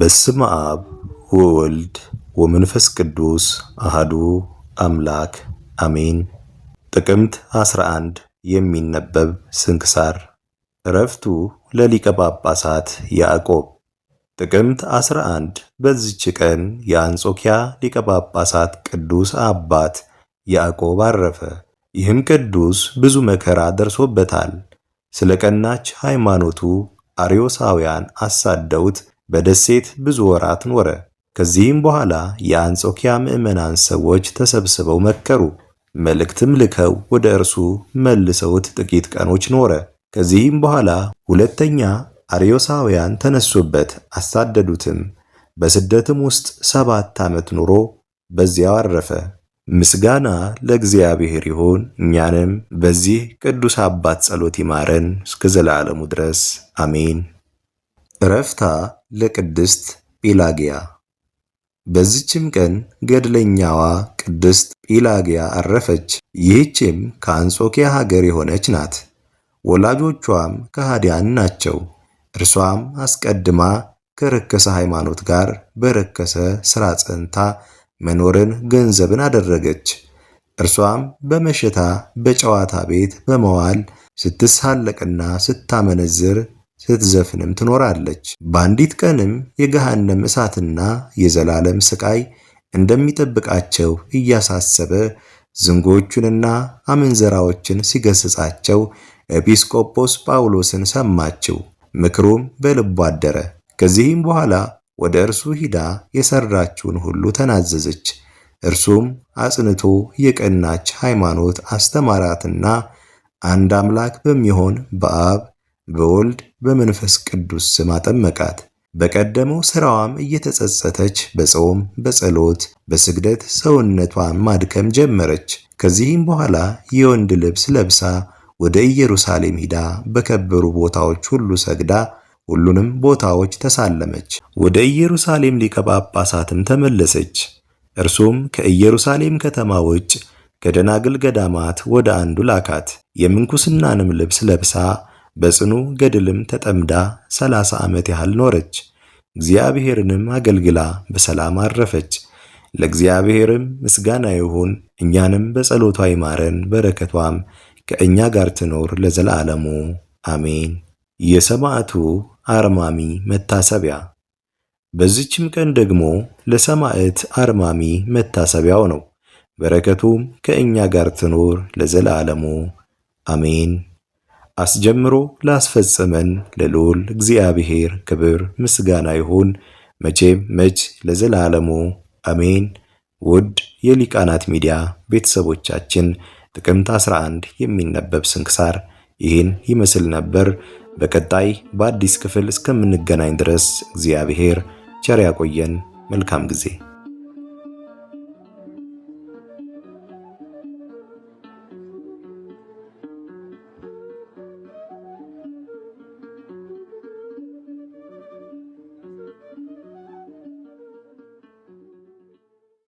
በስም አብ ወወልድ ወመንፈስ ቅዱስ አህዱ አምላክ አሜን። ጥቅምት 11 የሚነበብ ስንክሳር። እረፍቱ ለሊቀ ጳጳሳት ያዕቆብ። ጥቅምት 11 በዚች ቀን የአንጾኪያ ሊቀ ጳጳሳት ቅዱስ አባት ያዕቆብ አረፈ። ይህም ቅዱስ ብዙ መከራ ደርሶበታል። ስለ ቀናች ሃይማኖቱ አርዮሳውያን አሳደውት በደሴት ብዙ ወራት ኖረ። ከዚህም በኋላ የአንጾኪያ ምዕመናን ሰዎች ተሰብስበው መከሩ። መልእክትም ልከው ወደ እርሱ መልሰውት ጥቂት ቀኖች ኖረ። ከዚህም በኋላ ሁለተኛ አርዮሳውያን ተነሱበት፣ አሳደዱትም። በስደትም ውስጥ ሰባት ዓመት ኑሮ በዚያው አረፈ። ምስጋና ለእግዚአብሔር ይሁን። እኛንም በዚህ ቅዱስ አባት ጸሎት ይማረን እስከ ዘላለሙ ድረስ አሜን። እረፍታ ለቅድስት ጲላግያ። በዚችም ቀን ገድለኛዋ ቅድስት ጲላጊያ አረፈች። ይህችም ከአንጾኪያ ሀገር የሆነች ናት። ወላጆቿም ከሃዲያን ናቸው። እርሷም አስቀድማ ከረከሰ ሃይማኖት ጋር በረከሰ ሥራ ጸንታ መኖርን ገንዘብን አደረገች። እርሷም በመሸታ በጨዋታ ቤት በመዋል ስትሳለቅና ስታመነዝር ስትዘፍንም ትኖራለች። በአንዲት ቀንም የገሃነም እሳትና የዘላለም ስቃይ እንደሚጠብቃቸው እያሳሰበ ዝንጎቹንና አመንዘራዎችን ሲገስጻቸው ኤጲስቆጶስ ጳውሎስን ሰማችው። ምክሩም በልቡ አደረ። ከዚህም በኋላ ወደ እርሱ ሂዳ የሰራችውን ሁሉ ተናዘዘች። እርሱም አጽንቶ የቀናች ሃይማኖት አስተማራትና አንድ አምላክ በሚሆን በአብ በወልድ በመንፈስ ቅዱስ ስም አጠመቃት። በቀደመው ሥራዋም እየተጸጸተች በጾም በጸሎት በስግደት ሰውነቷን ማድከም ጀመረች። ከዚህም በኋላ የወንድ ልብስ ለብሳ ወደ ኢየሩሳሌም ሂዳ በከበሩ ቦታዎች ሁሉ ሰግዳ ሁሉንም ቦታዎች ተሳለመች። ወደ ኢየሩሳሌም ሊቀ ጳጳሳትም ተመለሰች። እርሱም ከኢየሩሳሌም ከተማ ውጭ ከደናግል ገዳማት ወደ አንዱ ላካት። የምንኩስናንም ልብስ ለብሳ በጽኑ ገድልም ተጠምዳ ሰላሳ ዓመት ያህል ኖረች። እግዚአብሔርንም አገልግላ በሰላም አረፈች። ለእግዚአብሔርም ምስጋና ይሁን፣ እኛንም በጸሎቷ ይማረን፣ በረከቷም ከእኛ ጋር ትኖር ለዘላለሙ አሜን። የሰማዕቱ አርማሚ መታሰቢያ። በዚችም ቀን ደግሞ ለሰማዕት አርማሚ መታሰቢያው ነው። በረከቱም ከእኛ ጋር ትኖር ለዘላለሙ አሜን። አስጀምሮ ላስፈጸመን ለልዑል እግዚአብሔር ክብር ምስጋና ይሁን መቼም መች ለዘላለሙ አሜን። ውድ የሊቃናት ሚዲያ ቤተሰቦቻችን ጥቅምት 11 የሚነበብ ስንክሳር ይህን ይመስል ነበር። በቀጣይ በአዲስ ክፍል እስከምንገናኝ ድረስ እግዚአብሔር ቸር ያቆየን። መልካም ጊዜ